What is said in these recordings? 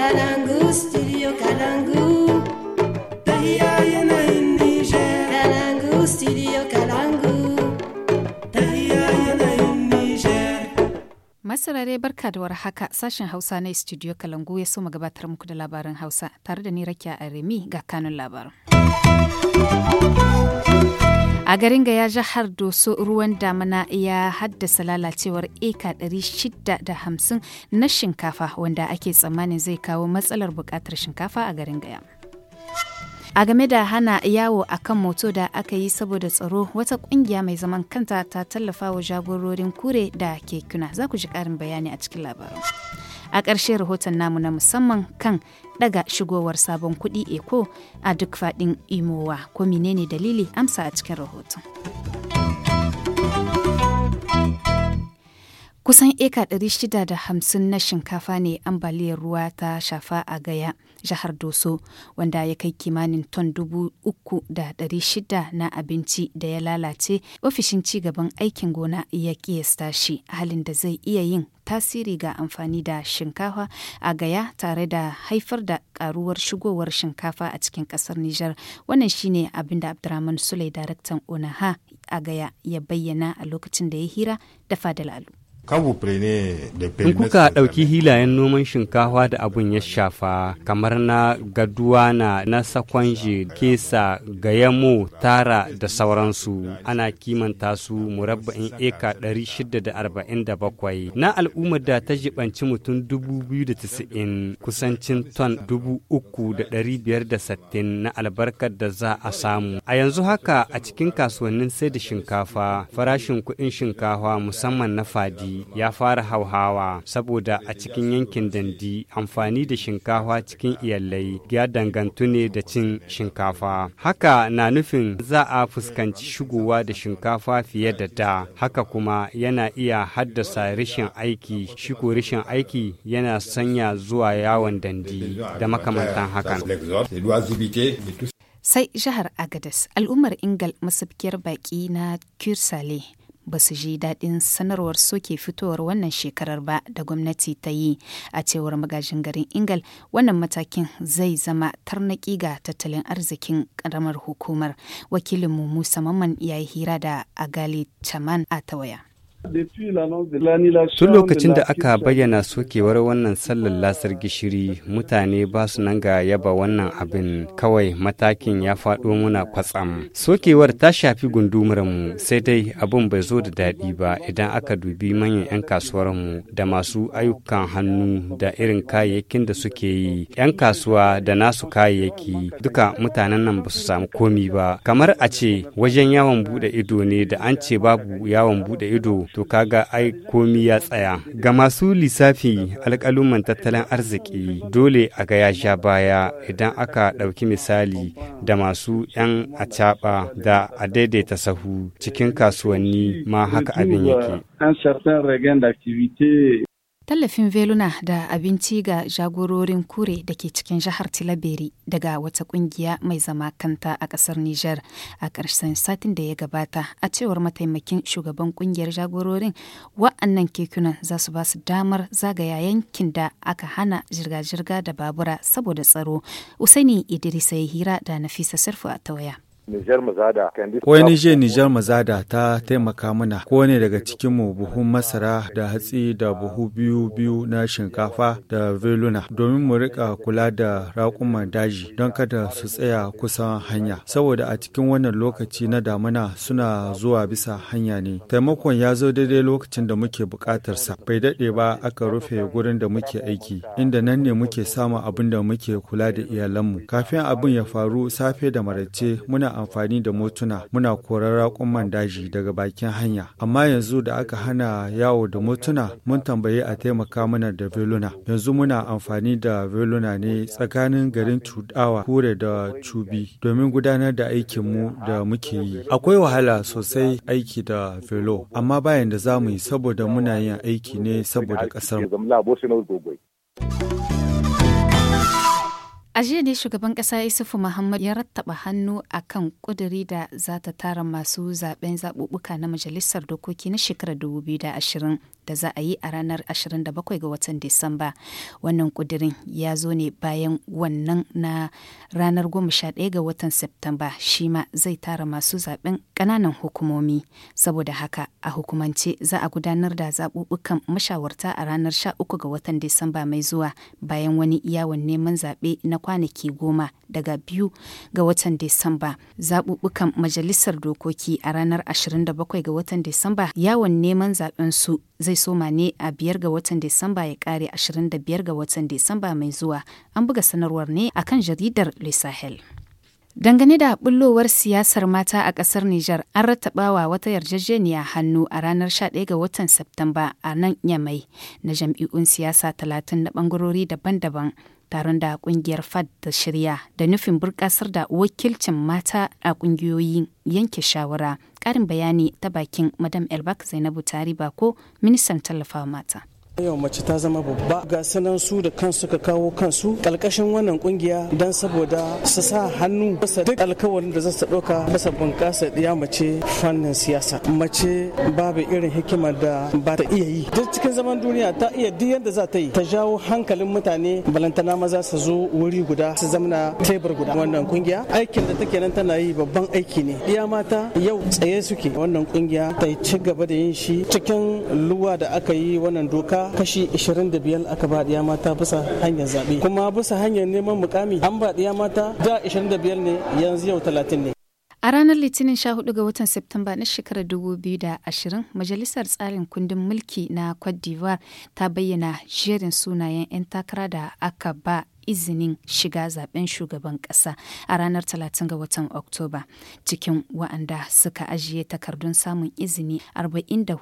Kalangu, studio Kalangu. Masarare barka da war haka sashen Hausa na studio Kalangu ya so gabatar muku da labarin Hausa tare da ni Rakiya Aremi ga kanun labarin. a garin gaya jihar doso ruwan damina ya haddasa lalacewar eka 650 na shinkafa wanda ake tsammanin zai kawo matsalar bukatar shinkafa a garin gaya a game da hana yawo a kan moto da aka yi saboda tsaro wata kungiya mai zaman kanta ta tallafa wa jagororin kure da kekuna za ku ji karin bayani a cikin labarin a ƙarshe rahoton namu na musamman kan daga shigowar sabon kuɗi eko a duk faɗin imowa ko menene dalili amsa a cikin rahoton. Kusan eka 650 na shinkafa ne ambaliyar ruwa ta shafa a gaya jihar Doso wanda ya kai kimanin ton 3,600 na abinci da ya lalace ofishin gaban aikin gona ya kiyasta shi halin da zai iya yin tasiri ga amfani da shinkafa a gaya tare da haifar da karuwar shigowar shinkafa a cikin kasar Nijar. Wannan shine abinda da Abdurrahman Sule daraktan Onaha a gaya ya bayyana a lokacin da ya hira da Fadal Alu. In kuka ɗauki hilayen noman shinkafa da abun ya shafa kamar na gaduwana na sakwanje kesa gayamo tara da sauransu ana kimanta su murabba'in eka 647 na al'ummar da ta jibanci mutum 290 kusancin ton 3,560 na albarkar da za a samu. A yanzu haka a cikin kasuwannin sai da shinkafa farashin kuɗin shinkafa musamman na fadi ya fara hauhawa saboda a cikin yankin dandi amfani da shinkafa cikin iyalai ya dangantu ne da cin shinkafa. Haka na nufin za a fuskanci shigowa da shinkafa fiye da da. Haka kuma yana iya haddasa rashin aiki, shigo rashin aiki yana sanya zuwa yawon dandi da makamantan hakan. Sai jihar Agadez, al'ummar Ingal masabkiyar baƙi na Kursale ba su ji daɗin sanarwar soke fitowar wannan shekarar ba da gwamnati ta yi a cewar magajin garin ingal wannan matakin zai zama tarnaƙi ga tattalin arzikin ƙaramar hukumar wakilinmu musa mamman ya yi hira da agali chaman a tawaya Tun lokacin da aka bayyana sokewar wannan sallar lasar gishiri mutane ba su nan ga yaba wannan abin kawai matakin ya faɗo muna kwatsam. Sokewar ta shafi mu sai dai abin bai zo da daɗi ba idan aka dubi manyan 'yan kasuwarmu da masu ayyukan hannu da irin kayayyakin da suke yi. 'Yan kasuwa da nasu kayayyaki duka mutanen nan ba su samu komi ba. Kamar a ce wajen yawon buɗe ido ne da an ce babu yawon buɗe ido to kaga ai komi ya tsaya. Ga masu lissafi alkaluman tattalin arziki dole a ga ya sha baya idan aka ɗauki misali da masu 'yan acaɓa da a daidaita sahu cikin kasuwanni ma haka abin yake. tallafin veluna da abinci ga jagororin kure da ke cikin jihar tilaberi daga wata kungiya mai zama kanta a kasar niger a ƙarshen satin da ya gabata a cewar mataimakin shugaban kungiyar jagororin wa'annan kekunan za su ba su damar zagaya yankin da aka hana jirga-jirga da babura saboda tsaro usaini idris ya hira da nafisa sirfu a tawaya Nijar Mazada. je Nijar Mazada ta taimaka mana ko ne daga cikin mu buhun masara da hatsi da buhu biyu biyu na shinkafa da veluna domin mu rika kula da raƙuman daji don kada su tsaya kusan hanya. Saboda a cikin wannan lokaci na damuna suna zuwa bisa hanya ne. Taimakon ya zo daidai lokacin da muke sa Bai daɗe ba aka rufe gurin da muke aiki inda nan ne muke samun abin da muke kula da iyalanmu. Kafin abin ya faru safe da marace muna amfani da motuna muna korar raƙuman daji daga bakin hanya. Amma yanzu da aka hana yawo da motuna mun tambaye a taimaka mana da veluna. Yanzu muna amfani da veluna ne tsakanin garin Tudawa, Kure da Cubi domin gudanar da aikin mu da muke yi. Akwai wahala sosai aiki da velo, amma bayan da za mu yi saboda muna yin aiki ne saboda ƙasar. A jiya ne shugaban ƙasa Isufu Muhammad ya rattaba hannu a kan ƙuduri da za ta tara masu zaɓen zaɓuɓɓuka na Majalisar Dokoki na shekarar 2020 da za a yi a ranar 27 ga watan Disamba. Wannan ƙudurin ya zo ne bayan wannan na ranar 11 ga watan Septamba shi ma zai tara masu zaɓen ƙananan hukumomi. Saboda haka a hukumance za a gudanar da zaɓuɓɓukan mashawarta a ranar 13 ga watan Disamba mai zuwa bayan wani yawon neman zaɓe na kwanaki goma daga biyu ga watan Disamba. Zaɓuɓɓukan Majalisar Dokoki a ranar 27 ga watan Disamba yawon neman su zai soma ne a biyar ga watan Disamba ya ƙare 25 ga watan Disamba mai zuwa. An buga sanarwar ne a kan jaridar lisahel. Dangane da bullowar siyasar mata a ƙasar Nijar, an rattabawa wata yarjejeniya hannu a ranar 11 ga watan Septamba a nan Yamai na jam'i'un siyasa 30 na ɓangarori daban-daban taron da kungiyar fad da shirya da nufin burkasar da wakilcin mata a kungiyoyin yanke shawara karin bayani ta bakin madam elbak zainabu tari bako ministan tallafawa mata yau mace ta zama babba ga sanan su da kansu ka kawo kansu kalkashin wannan kungiya dan saboda su sa hannu bisa duk alkawarin da zasu dauka bisa bunƙasa ya mace fannin siyasa mace babu irin hikima da ba ta iya yi duk cikin zaman duniya ta iya duk yadda za ta yi ta jawo hankalin mutane balantana maza su zo wuri guda su zamana tebur guda wannan kungiya aikin da take nan tana yi babban aiki ne iya mata yau tsaye suke wannan kungiya ta ci gaba da yin shi cikin luwa da aka yi wannan doka kashi 25 aka ba ɗiya mata bisa hanyar zaɓe kuma bisa hanyar neman mukami an ba ɗiya mata da 25 ne yanzu yau 30 ne A ranar Litinin 14 ga watan Septemba na shekarar 2020, Majalisar Tsarin Kundin Mulki na Cote d'Ivoire ta bayyana jerin sunayen 'yan takara da aka ba izinin shiga zaben shugaban kasa a ranar 30 ga watan Oktoba. Cikin wa'anda suka ajiye takardun samun izini 44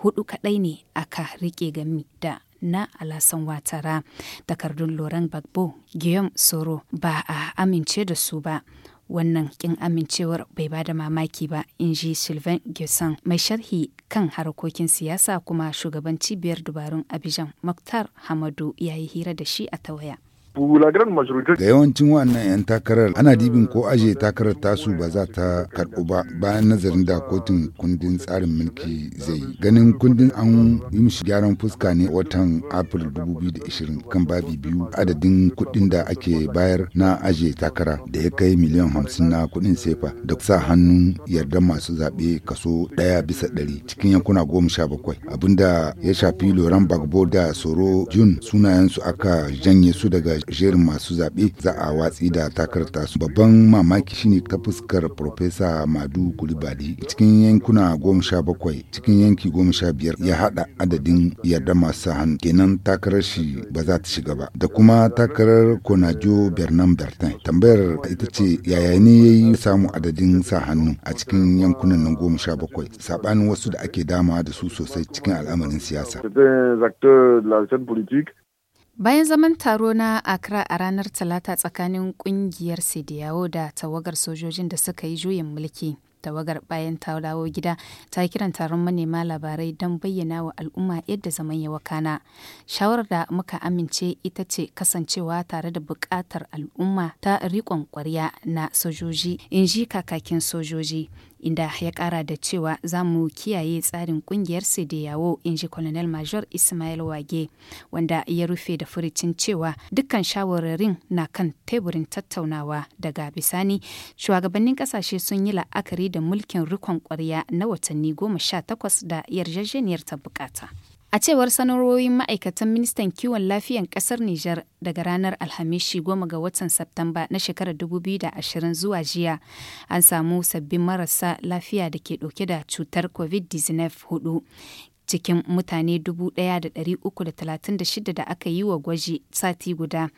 hudu kaɗai ne aka riƙe gami da na alasan watara takardun loren bagbo guillaume soro ba a amince da su ba wannan kin amincewar bai bada mamaki ba in ji sylvain gusan mai sharhi kan harkokin siyasa kuma shugaban cibiyar dubarun abijan muktar hamadu ya yi hira da shi a tawaya Ga yawancin wannan 'yan takarar ana dibin ko aje takarar tasu ba za ta karɓu ba bayan nazarin da kotun kundin tsarin mulki zai yi. Ganin kundin an yi mishi gyaran fuska ne watan April 2020 kan babi biyu adadin kuɗin da ake bayar na aje takara da ya kai miliyan hamsin na kuɗin sefa da sa hannun yardar masu zaɓe kaso ɗaya bisa ɗari cikin yankuna goma sha bakwai abinda ya shafi Loran Bagbo da Soro Jun sunayensu aka janye su daga jerin masu zaɓe za a watsi da takarta su babban mamaki shine ta fuskar Profesa Madu Kulibali cikin yankuna goma sha bakwai cikin yanki goma sha biyar ya haɗa adadin yarda masu hannu kenan takarar shi ba za ta shiga ba da kuma takarar Konajo Bernan Bertin tambayar ita ce yaya ne ya yi samu adadin sa hannu a cikin yankunan nan goma sha bakwai saɓanin wasu da ake dama da su sosai cikin al'amarin siyasa. Bayan zaman taro na Accra a ranar Talata tsakanin kungiyar Sidiyawo da tawagar sojojin da suka yi juyin mulki, tawagar bayan ta dawo gida ta kiran taron manema labarai don bayyana wa al'umma yadda zaman ya wakana. Shawarar da muka amince ita ce kasancewa tare da bukatar al'umma ta riƙon ƙwarya na sojoji, in ji kakakin sojoji. inda ya kara da cewa za mu kiyaye tsarin kungiyar da yawo in ji colonel major ismail wage wanda ya rufe da furicin cewa dukkan shawararin na kan teburin tattaunawa daga bisani shugabannin kasashe sun yi la'akari da mulkin rikon kwarya na watanni goma sha takwas da yarjejeniyar ta bukata. A cewar sanarwoyin ma'aikatan ministan kiwon lafiyan kasar Nijar daga ranar Alhamishi goma ga watan Satumba na shekarar 2020 zuwa jiya, an samu sabbin marasa lafiya da ke ɗauke da cutar COVID-19 hudu. cikin mutane 1,336 da aka yi wa gwaji sati guda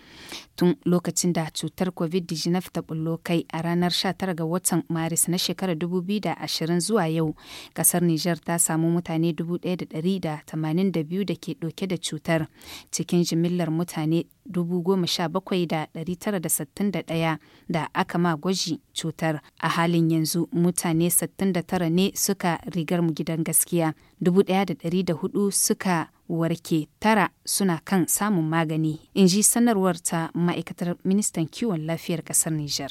tun lokacin da cutar covid-19 ta bullo kai a ranar 19 ga watan maris na shekarar 2020 zuwa yau kasar niger ta samu mutane 1,182 da ke ɗauke da cutar cikin jimillar mutane 17,961 da aka ma gwaji cutar a halin yanzu mutane 69 ne suka rigar mu gidan gaskiya 1,104 suka warke tara suna kan samun magani in ji sanarwar ta ma'aikatar ministan kiwon lafiyar kasar Nijar.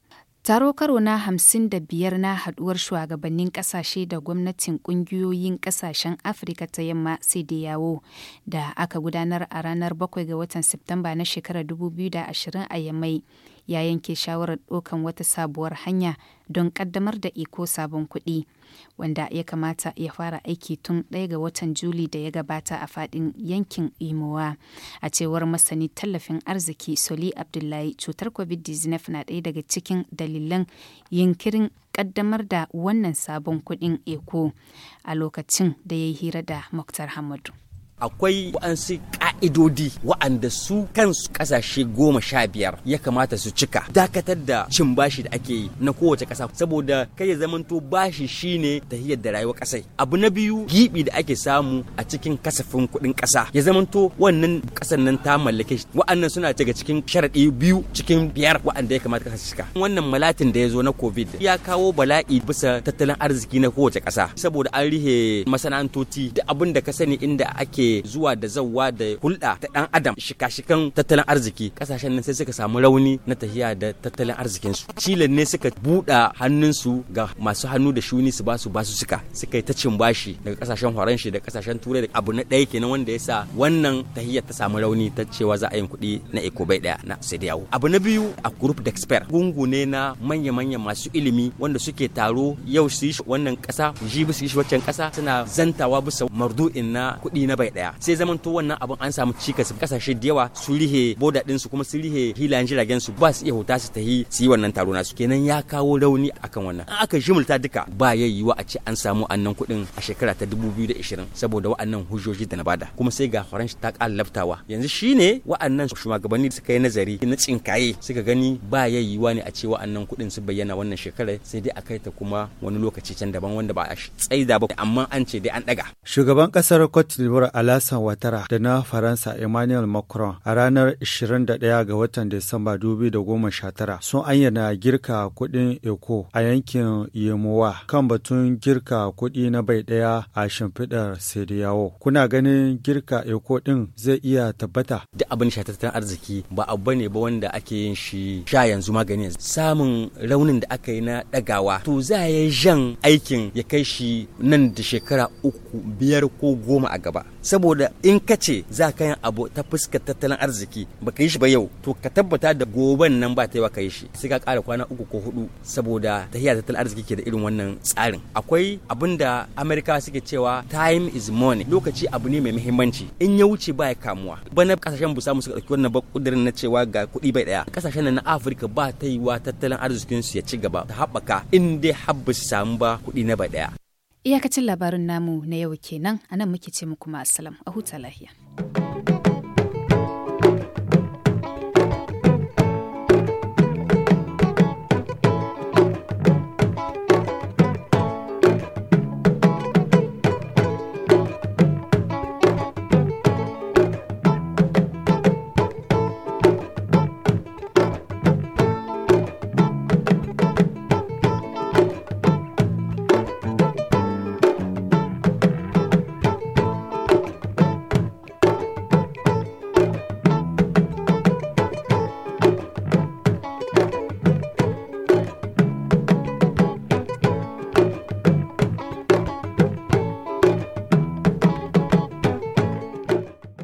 Taro karo na hamsin da biyar na haduwar shugabannin kasashe da gwamnatin kungiyoyin kasashen Afirka ta yamma sai da yawo da aka gudanar a ranar 7 ga watan Septemba na shekarar 2020 a Yamai ya yanke shawarar ɗaukan wata sabuwar hanya don ƙaddamar da iko sabon kuɗi wanda ya kamata ya fara aiki tun ɗaya ga watan juli da ya gabata a faɗin yankin imowa a cewar masani tallafin arziki soli abdullahi cutar covid-19 na ɗaya daga cikin dalilan yankirin ƙaddamar da wannan sabon kuɗin eko a lokacin da ya yi hira da muktar hamadu akwai wa'ansu ka'idodi wa'anda su kansu kasashe goma sha biyar ya kamata su cika dakatar da cin bashi da ake yi na kowace kasa saboda kai ya zamanto bashi shine tahiyar da rayuwa kasai abu na biyu gibi da ake samu a cikin kasafin kuɗin kasa ya zamanto wannan kasan nan ta mallake shi wa'annan suna daga cikin sharaɗi biyu cikin biyar wa'anda ya kamata kasa cika wannan malatin da ya zo na covid ya kawo bala'i bisa tattalin arziki na kowace kasa saboda an rihe masana'antoci da abin da ka sani inda ake zuwa da zawa da hulɗa ta ɗan adam shika-shikan tattalin arziki ƙasashen nan sai suka samu rauni na tahiya da tattalin arzikin su chile ne suka buɗa hannun su ga masu hannu da shuni su basu basu suka suka yi ta cin bashi daga ƙasashen shi da kasashen turai da abu na ɗaya kenan wanda ya sa wannan tahiyar ta samu rauni ta cewa za a yi kuɗi na bai ɗaya na sediyawo abu na biyu a group d'expert gungu ne na manya-manya masu ilimi wanda suke taro yau su yi wannan ƙasa jibi su yi waccan ƙasa suna zantawa bisa mardu'in na kuɗi na bai ɗaya sai zamanto wannan abun an samu cikas kasashe da yawa su rihe boda su kuma su rihe hilayen jiragen su ba su iya huta su tahi su yi wannan taro nasu kenan ya kawo rauni akan wannan an aka jimulta duka ba ya yiwa a ce an samu annan kuɗin a shekara ta 2020 saboda wa'annan hujjoji da na bada kuma sai ga faransh ta laftawa yanzu shine wa'annan shugabanni suka yi nazari na tsinkaye suka gani ba ya ne a ce wa'annan kuɗin su bayyana wannan shekarar sai dai a kai ta kuma wani lokaci can daban wanda ba a tsaida ba amma an ce dai an daga shugaban kasar Cote d'Ivoire Alassane Ouattara da na Faransa Emmanuel Macron a ranar 21 ga watan Disamba 2019 sun ayyana girka kuɗin Eko a yankin Yemowa kan batun girka kuɗi na bai ɗaya a shimfiɗar Sediyawo. Kuna ganin girka Eko ɗin zai iya tabbata? Duk abin sha arziki ba abu ne ba wanda ake yin shi sha yanzu magani Samun raunin da aka yi na ɗagawa to za ya jan aikin ya kai shi nan da shekara uku biyar ko goma a gaba. saboda in ka ce za ka yin abu ta fuska tattalin arziki ba ka yi shi ba yau to ka tabbata da goben nan ba ta yi wa ka yi shi sai ka ƙara kwana uku ko hudu saboda ta tahiya tattalin arziki ke da irin wannan tsarin akwai abin da amerika suke cewa time is money lokaci abu ne mai muhimmanci in ya wuce ba ya kamuwa bana kasashen busa musu ɗauki wannan kudirin na cewa ga kuɗi bai ɗaya kasashen na afirka ba ta yi wa tattalin arzikinsu ya ci gaba ta haɓaka in dai habba su samu ba kuɗi na bai ɗaya Iyakacin labarin namu na yau kenan, anan muke ce muku ma'asalam a huta lahiya.